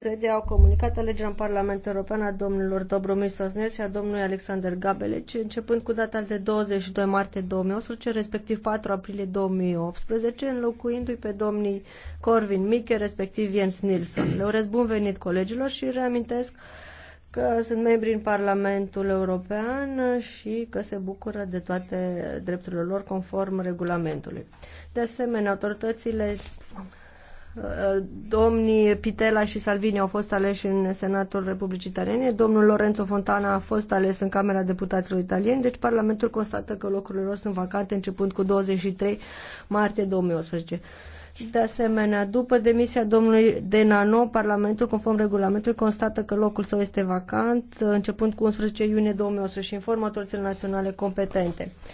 Suedia au comunicat alegerea în Parlamentul European a domnilor Dobromir Sosnet și a domnului Alexander Gabeleci, începând cu data de 22 martie 2018, respectiv 4 aprilie 2018, înlocuindu-i pe domnii Corvin Miche, respectiv Jens Nilsson. Le urez bun venit colegilor și reamintesc că sunt membri în Parlamentul European și că se bucură de toate drepturile lor conform regulamentului. De asemenea, autoritățile Domnii Pitela și Salvini au fost aleși în Senatul Republicii Italiene, domnul Lorenzo Fontana a fost ales în Camera Deputaților Italieni, deci Parlamentul constată că locurile lor sunt vacante începând cu 23 martie 2018. De asemenea, după demisia domnului Denano, Parlamentul, conform regulamentului, constată că locul său este vacant, începând cu 11 iunie 2018 și informă autoritățile naționale competente.